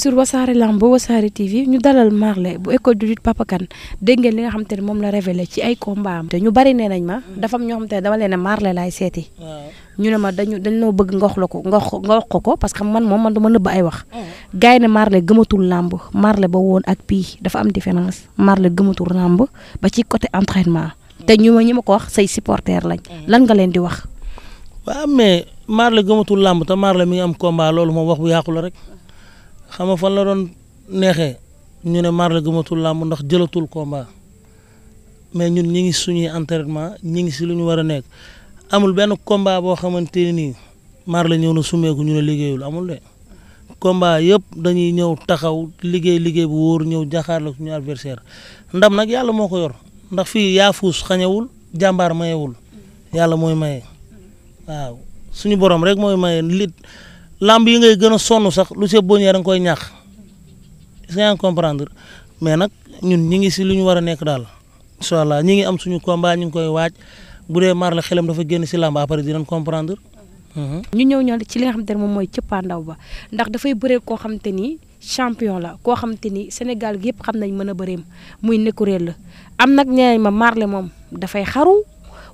suivre sur Wassare Lamb Wassare TV ñu dalal Marley bu école de lutte Papa Kane dégg ngeen li nga xam ne moom la révélé ci ay combat am te ñu bari nee nañ ma mm. dafa am ñoo xam te dama leen ne Marley laay seeti ñu ne ma dañu dañ noo bëgg nga wax la ko nga wax ko ko parce que man moom man du ma nëbb ay wax mm. gars yi ne Marley gëmatul làmb Marley ba woon ak pii dafa am différence Marley gëmatul làmb ba ci côté entraînement mm. te ñu ma ñi ma ko wax say supporters lañ lan nga leen di wax waaw mais Marley gëmatul làmb te Marley mi ngi am combat loolu moom wax bu yàqu la rek xama fan la doon neexee ñu ne Marley gëmatul làmb ndax jëlatul combat mais ñun ñi ngi suñuy entraînement ñi ngi si lu ñu war a nekk amul benn combat boo xamante ne nii Marley ñëw na sumeeku ñu ne liggéeyul amul de combat yëpp dañuy ñëw taxaw liggéey liggéey bu wóor ñëw jaxaarloo suñu adversaire ndam nag yàlla moo ko yor ndax fii yaafuus xañewul jàmbaar mayewul yàlla mooy maye waaw suñu borom rek mooy maye lit lamb yi ngay gën a sax lu see boñeer nga koy ñaax est-ce que mais nag ñun ñi ngi si lu ñu war a nekk daal incha allah ñi ngi am suñu combat ñu ngi koy waaj bu dee maar la xelam dafa génn si lamb après dinañ comprendre. Mhm. ñu ñëw ñoo ci li nga xamante ne moom mooy cëppaandaw ba ndax dafay bëree koo xamante ni champion la koo xamante ni Sénégal gi yëpp xam nañ mën a bëreem muy nekkuréel la am nag ñeneen ma Marley moom dafay xaru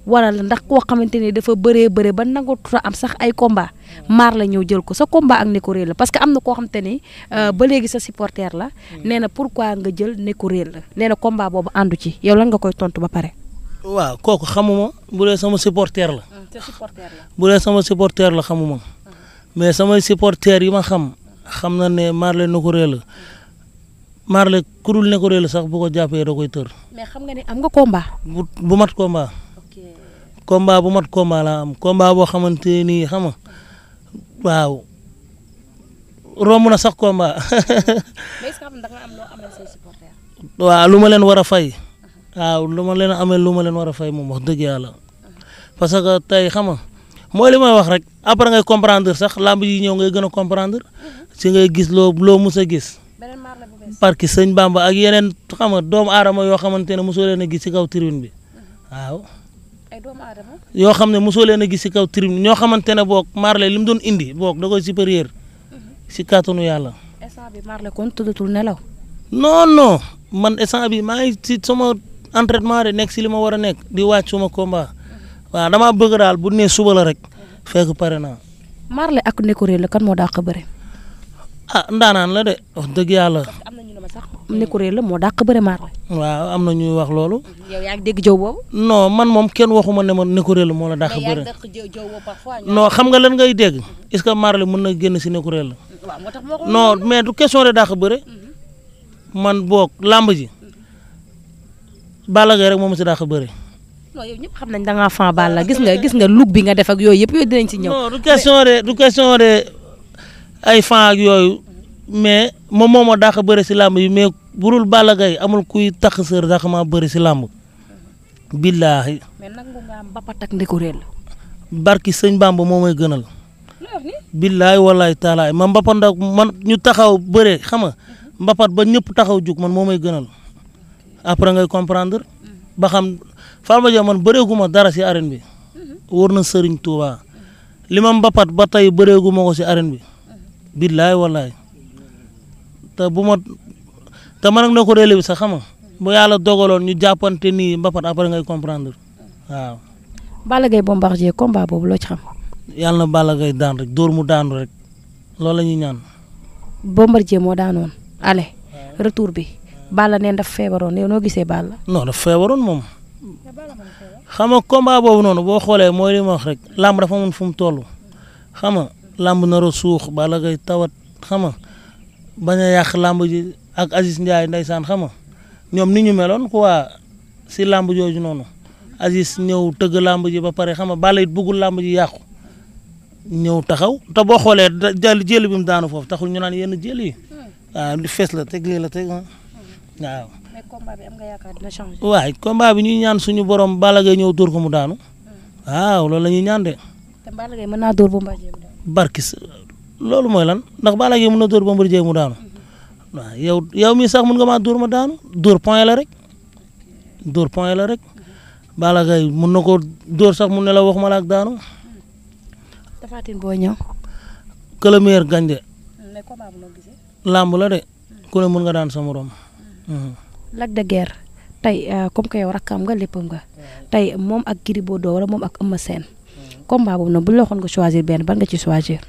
waral ndax koo xamante ne dafa bëree bëre ba nangatut am sax ay combat maar la ñëw jël ko sa combat ak Neko Réel la parce que am na koo xamante ne euh, ba léegi sa supporter la mm. nee na pourquoi nga jël Neko Réel la nee na combat boobu àndu ci yow lan nga koy tontu ba pare. waaw kooku xamuma bu dee sama supporter la. Mm, bu dee sama supporter la xamuma. Mm. mais samay supporter yi ma xam xam na ne Marley Neko Réel la Marley ku dul Neko la sax bu ko jàppee da koy tër. mais xam nga ne am nga combat. bu bu mat combat. combat bu mat combat laa am combat boo xamante ni xam waaw romb na sax combat. mais am waaw lu ma leen war a fay. Uh-huh. waaw lu ma leen amee lu ma leen war a fay moom wax dëgg yàlla. parce que tey xam nga mooy li may wax rek après ngay comprendre sax làmb yi ñëw ngay gën a comprendre uh-huh. si ngay gis loo loo mus a gis. parce que sëñ Bamba ak yeneen xam doom doomu yoo xamante ne mosoo leen a gis si kaw tribune bi uh-huh. waaw. yoo xam ne mosoo leen a gis si kaw tribune ñoo xamante ne boog Marley li mu doon indi boog da koy supérieur si mhm. kàttanu yàlla. instant bi Marley kon tëddatul nelaw. non non man instant bi maa ngi si sama entraînement de nekk si li ma war a nekk di wàcc suma combat mhm. waaw damaa bëgg daal bu nee suba la rek fekk pare naa. Marley ak Néko Rél kan moo dàq bëre. ah ndaanaan la de wax dëgg na sax ne ko moo dàq bëre maar waaw am na ñuy wax loolu. yow yaa ngi dégg jëw boobu. man moom kenn waxuma ne ma ne ko réer la moo la dàq bëre. non xam nga lan ngay dégg. est-ce la Marley na génn si ne ko réer la. waaw moo tax moo ko du question de dàq bëre. Mhm. man boog làmb ji. Balla Gaye rek moom si dàq bëre. non yow ñëpp da ngaa fan Balla gis nga gis nga look bi nga def ak yooyu yëpp yooyu dinañ ci ñëw. du question de du question de ay fan ak yooyu. mais moom moo ma dàq bëri si làmb yi mais burul Balla Gaye amul kuy tax sër dàq maa bëri si làmb. billaahi. mais barki sëñ Bamba moo may gënal. billaahi wallaahi taalaay man mbapat ndax man ñu taxaw bëree xam nga mhm. mbapat ba ñëpp taxaw jug man moo may gënal après ngay comprendre. Mhm. ba xam Farba Dia man dara si arène bi. Mhm. wóor na Serigne tuuba li ma mbapat ba tey bëreeguma ko si arène bi. billaahi wallaahi. te bu ma te man ak na ko relais bi sax xam nga bu ñu jàppante nii mbapat après ngay comprendre waaw. Balla Gaye Bombardier combat boobu loo ci xam. yàlla na Balla Gaye daan rek dóor mu daanu rek loolu la ñuy ñaan. Bombardier moo daanoon allez retour bi Balla neen daf feebaroon yow noo gisee Balla. non daf feebaroon moom xam nga combat boobu noonu boo xoolee mooy li ma wax dafa mun fu mu toll xam nga làmb a suux Balla Gaye tawat xam bañ a yàq làmb ji ak Aziz Ndiaye ndeysaan xam nga ñoom ni ñu meloon quoi si làmb jooju noonu Aziz ñëw tëgg làmb ji ba pare xam nga Balla it bëggul làmb ji ñëw taxaw te boo xoolee jël jël bi mu daanu foofu taxul ñu naan yenn jël yi waaw li fees la teg lii la teg ah. waaw. mais combat bi am bi ñuy ñaan suñu borom bala Gaye ñëw dóor ko mu daanu. Hmm. waaw loolu la ñuy ñaan de. te loolu mooy lan ndax Balla Gaye mën na dóor Bombardier mu daanu waaw yow yow mii sax mën nga maa dóor ma daanu dóor point la rek dóor point la rek Balla Gaye mën na ko dóor sax mun ne la waxuma ma ak daanu. Tapha Tine Boy Niang. que le meilleur gagne de. làmb la de ku ne nga daan sa morom. Mhm. Lac de Guiers tey euh, comme que yow rakkam nga léppam nga tey moom ak boo Bordeaux wala moom ak Eumeu Sène combat boobu noonu bu ñu la waxoon nga choisir benn ban nga ci choisir.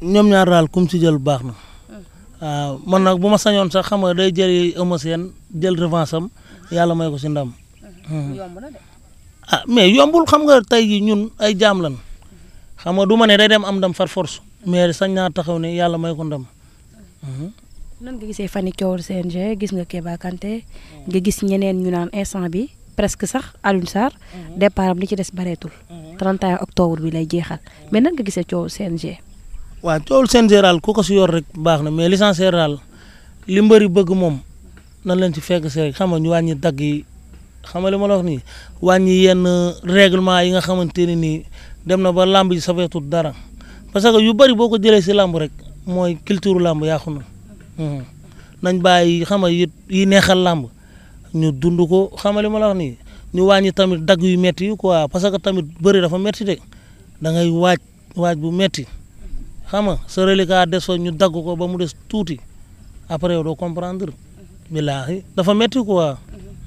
ñoom ñaar daal kum si jël baax na hmm. waaw man nag bu ma sañoon sax xam nga day jëri Eumeu Sène jël revanche am yàlla may ko si ndam. Hmm. Hmm. yomb na ah, mais yombul xam nga tey jii ñun ay jaam lan xam nga du ma ne day dem am ndam far force mais sañ naa taxaw ne yàlla may ko ndam. nan nga gisee fan yi coowul gis nga Keba nga gis ñeneen ñu naan instant bi presque sax Alioune Sarr départ am li ci des bareetul. 31 octobre bi lay jeexal mais nan nga gisee coowul CNG. waaw tool seen général ko si yor rek baax na mais licence général li mbëri bëgg moom nan lañ ci fekk si rek xam nga ñu wàññi dagg yi xam nga li ma la wax nii yenn règlement yi nga xamante ne nii dem na ba làmb ji safeetut dara parce que yu bëri boo ko jëlee si làmb rek mooy culture làmb yàqu na nañ bàyyi xam nga yi neexal làmb ñu dund ko xam nga li ma la wax ñu wàññi tamit dagg yu métti yi quoi parce que tamit bëri dafa metti de da ngay waaj waaj bu métti. xam nga sa reliquat des fa ñu dagg ko ba mu des tuuti après yow doo comprendre. billaahi dafa métti quoi.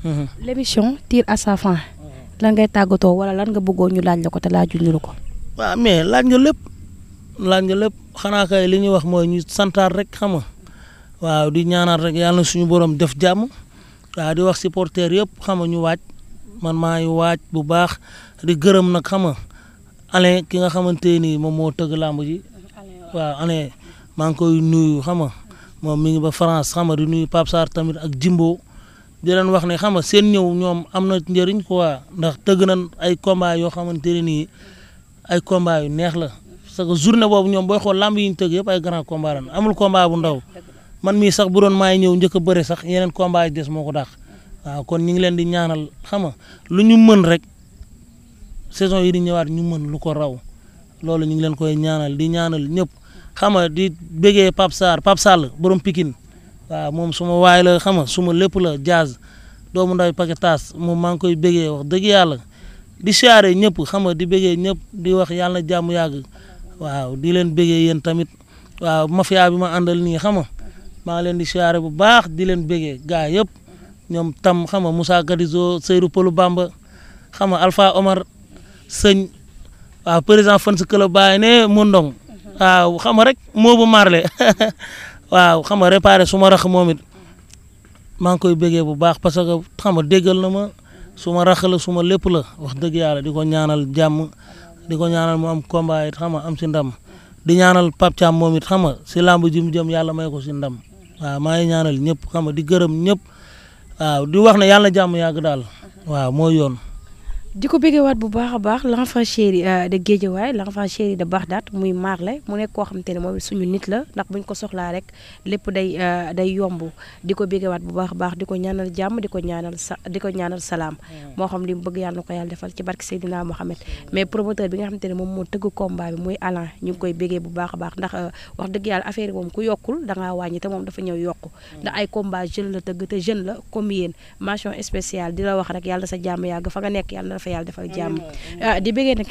Mhm. l' émission tire à sa fin. lan ngay tàggatoo wala lan nga bëggoon ñu laaj la ko te laajuñu la ko. waaw mais laaj nga laaj nga xanaa kay li wax mooy ñu santaar rek xam nga waaw di ñaanaat rek yàlla na suñu borom def jàmm waaw di wax supporter yëpp xam ñu waaj man maa ngi waaj bu baax di gërëm nag xam nga Alain ki nga xamante ni moom moo tëgg làmb ji waaw ane maa ngi koy nuyu xam nga moom mi ba France xama nga di nuyu Pape Sarr tamit ak Jimbo di leen wax ne xam nga seen ñëw ñoom am na njëriñ quoi ndax tëgg nañ ay combat yoo xamante ne nii ay combat yu neex la parce que journée boobu ñoom booy xool lamb yi ñu tëgg yëpp ay grand combat lan amul combat bu ndaw man mii sax bu doon maay ñëw njëkk a bëre sax yeneen combat yi des moo ko dàq waaw kon ñu ngi leen di ñaanal xama lu ñu mën rek saison yi di ñëwaat ñu mën lu ko raw loolu ñu ngi leen koy ñaanal di ñaanal ñëpp. xam nga di bëggee Pape Sarr Pape Sall borom Pikine waaw moom suma waay la xam nga suma lépp la jazz doomu nday Paquetas moom maa ngi koy bëggee wax dëgg yàlla di siyaare ñëpp xam nga di bëggee ñëpp di wax yàlla na jàmm yàgg waaw di leen bëggee yéen tamit waaw mafia bi ma àndal nii xam nga maa ngi leen di siyaare bu baax di leen bëggee gaa yëpp ñoom tam xam nga Moussa Gadizo Seydou Polu Bamba xam nga Alpha Omar sëñ waaw président fan si club bàyyi ne Mondong waaw xam nga rek moo bu marle waaw xam nga réparé su ma rax moom it maa ngi koy bëggee bu baax parce que xam nga déggal na ma suma ma rax la su ma lépp la wax dëgg yàlla di ko ñaanal jàmm di ko ñaanal mu am combat it xam nga am si ndam di ñaanal Pape Thiam moom it xam nga si làmb ji mu jëm yàlla may ko si ndam waaw maa ngi ñaanal ñëpp xam nga di gërëm ñëpp waaw di wax ne yàlla jàmm yàgg daal waaw mooy yoon. di ko béggewaat bu baax a baax l'enfant chéri euh, de Guédiawaye l'enfant chéri baax daat muy Marley mu nekk koo xamante ne moom suñu nit la ndax buñ ko soxlaa rek lépp day euh, day yomb di ko béggewaat bu baax a baax di ko ñaanal jàmm di ko ñaanal sa di ko ñaanal salaam mm. moo xam li mu bëgg yàlla ko yàlla defal ci barke Seydina Mohamed mais promoteur bi nga xamante ne moom moo tëgg combat bi muy Alan ñu koy béggee bu baax a baax ndax euh, wax dëgg yàlla affaire yi moom ku yokkul dangaa wàññi te moom dafa ñëw yokk mm. ndax ay combat jeune la tëgg te jeune la comme yéen mention spéciale la wax rek yàlla sa jàmm yàgg fa nga nekk yàlla fa yàlla defal mm-hmm. jàmm ah, di bëggee nag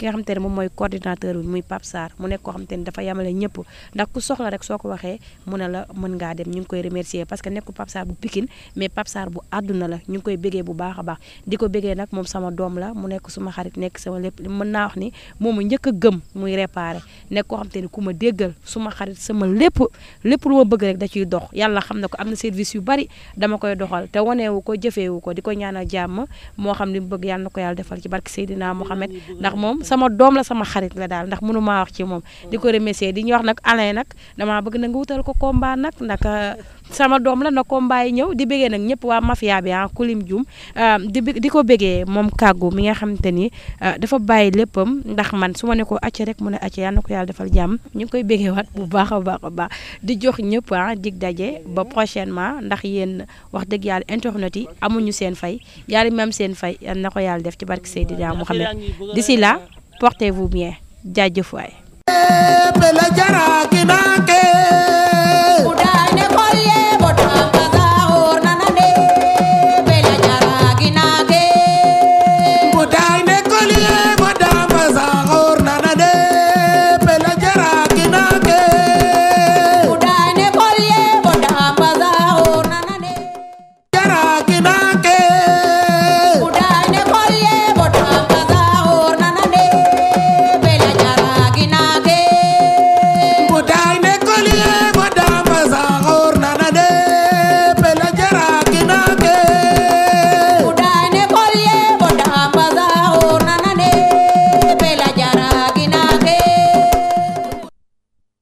ki ko bu Pikine mais Pape Sarr bu àdduna la ñu ngi koy bëggee bu baax a baax nag moom sama doom la mu nekk suma xarit nekk sama lépp a a gëm muy réparé nekk lépp lu ma bëgg rek da ciy dox yàlla xam na ko am na service yu bari dama koy doxal te waneewu ko jëfeewu ko di ko ñaanal jàmm moo xam li mu bëgg yàlla na ko yàlla defal ci barke Seydina Mohamed ndax moom sama doom la sama xarit la daal ndax mënu maa wax ci moom di ko remercier di ñu wax nag Alain nag damaa bëgg na nga wutal ko combat nag ndax sama doom la na combat yi ñëw di bëggee nag ñëpp waa mafia bi ah kulim jum ah, di di ko bëggee moom kàggu mi nga xamante ni ah, dafa bàyyi léppam ndax man su ma ne ko acca rek mu ne acc yal na ko yàlla defal jàmm ñu ngi koy bëggee waat bu baax a baax a baax di jox ñëpp ah dig daje ba prochainement ndax yéen wax dëgg yàlla internet yi amuñu seen fay yàlla même seen fay yal ko yàlla def ci di barke Seydina Mouhamed d'ici là portez-vous bien jaajëf waay